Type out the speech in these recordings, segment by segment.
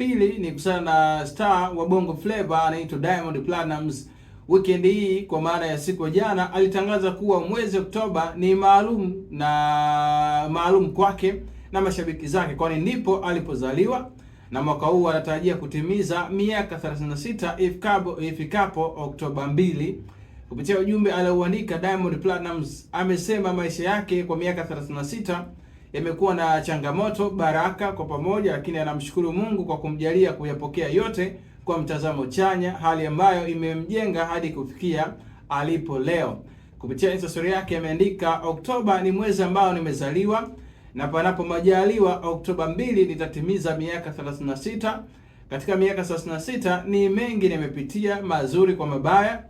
pili ni kusana na star wa Bongo Flava anaitwa Diamond Platnumz. Weekend hii kwa maana ya siku ya jana alitangaza kuwa mwezi Oktoba ni maalum na maalum kwake na mashabiki zake, kwani ndipo alipozaliwa na mwaka huu anatarajia kutimiza miaka 36 ifikapo ifikapo Oktoba 2. Kupitia ujumbe aliouandika Diamond Platnumz amesema maisha yake kwa miaka 36 yamekuwa na changamoto, baraka kwa pamoja, lakini anamshukuru Mungu kwa kumjalia kuyapokea yote kwa mtazamo chanya, hali ambayo imemjenga hadi kufikia alipo leo. Kupitia historia yake ameandika, Oktoba ni mwezi ambao nimezaliwa na panapo majaliwa, Oktoba mbili nitatimiza miaka 36. Katika miaka 36 ni mengi nimepitia, mazuri kwa mabaya.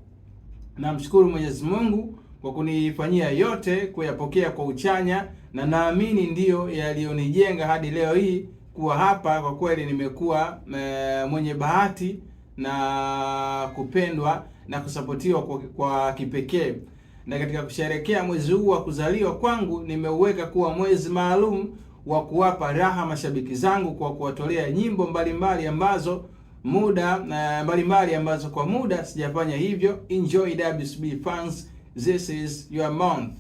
Namshukuru Mwenyezi Mungu kwa kunifanyia yote, kuyapokea kwa uchanya, na naamini ndiyo yaliyonijenga hadi leo hii kuwa hapa. Kwa kweli nimekuwa e, mwenye bahati na kupendwa na kusapotiwa kwa, kwa kipekee. Na katika kusherekea mwezi huu wa kuzaliwa kwangu, nimeuweka kuwa mwezi maalum wa kuwapa raha mashabiki zangu kwa kuwatolea nyimbo mbalimbali ambazo muda eh, mbalimbali ambazo kwa muda sijafanya hivyo. Enjoy WCB fans this is your month.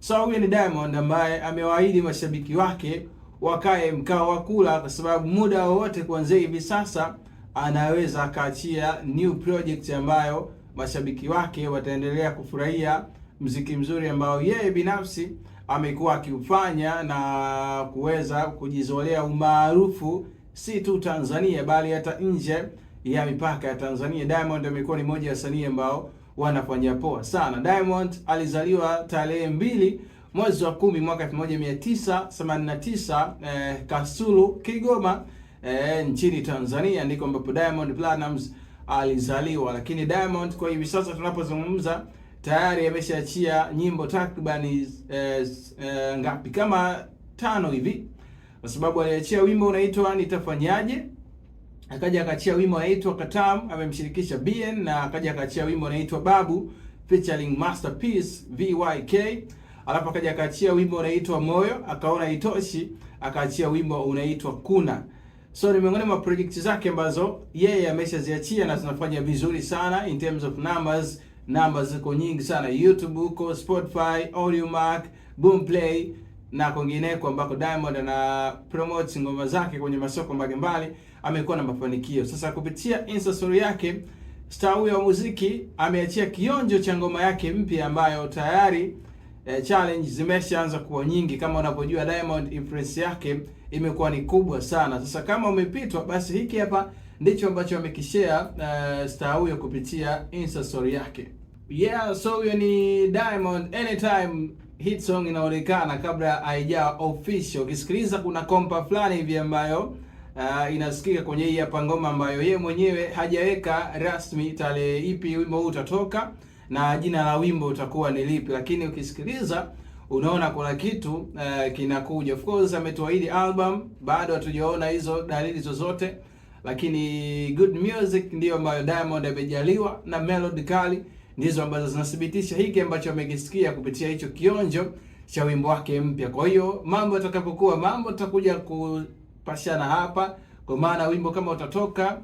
So huyu ni Diamond ambaye amewaahidi mashabiki wake wakae mkao wa kula, kwa sababu muda wowote kuanzia hivi sasa anaweza akaachia new project ambayo mashabiki wake wataendelea kufurahia mziki mzuri ambao yeye binafsi amekuwa akiufanya na kuweza kujizolea umaarufu si tu Tanzania bali hata nje ya mipaka ya Tanzania. Diamond amekuwa ni moja ya wasanii ambao wanafanya poa sana. Diamond alizaliwa tarehe mbili mwezi wa kumi mwaka 1989 eh, Kasulu Kigoma eh, nchini Tanzania ndiko ambapo Diamond Platnumz alizaliwa. Lakini Diamond kwa hivi sasa tunapozungumza tayari ameshaachia nyimbo takriban eh, eh, ngapi kama tano hivi, kwa sababu aliachia wimbo unaitwa nitafanyaje akaja akaachia wimbo unaitwa Katam, amemshirikisha BN na akaja akaachia wimbo unaitwa Babu featuring Masterpiece VYK, alafu akaja akaachia wimbo unaitwa Moyo, akaona itoshi, akaachia wimbo unaitwa Kuna. So ni miongoni mwa project zake ambazo yeye ameshaziachia na zinafanya vizuri sana in terms of numbers. Numbers ziko nyingi sana YouTube huko, Spotify, Audiomack, Boomplay na kwingineko ambako Diamond ana promote ngoma zake kwenye masoko mbalimbali, amekuwa na mafanikio. Sasa kupitia Insta story yake, star huyo wa muziki ameachia kionjo cha ngoma yake mpya ambayo tayari eh, challenge zimeshaanza kuwa nyingi. Kama unavyojua Diamond influence yake imekuwa ni kubwa sana. Sasa kama umepitwa, basi hiki hapa ndicho ambacho amekishare uh, star huyo kupitia Insta story yake. Yeah, so hiyo ni Diamond anytime hit song inaonekana kabla haija official. Ukisikiliza kuna kompa fulani hivi ambayo uh, inasikika kwenye hii hapa ngoma ambayo ye mwenyewe hajaweka rasmi tarehe ipi wimbo huu utatoka na jina la wimbo utakuwa ni lipi, lakini ukisikiliza unaona kuna kitu uh, kinakuja. Of course ametoa hili album, bado hatujaona hizo dalili zozote, lakini good music ndiyo ambayo Diamond amejaliwa na melody kali ndizo ambazo zinathibitisha hiki ambacho amekisikia kupitia hicho kionjo cha wimbo wake mpya. Kwa hiyo mambo yatakapokuwa mambo, tutakuja kupashana hapa, kwa maana wimbo kama utatoka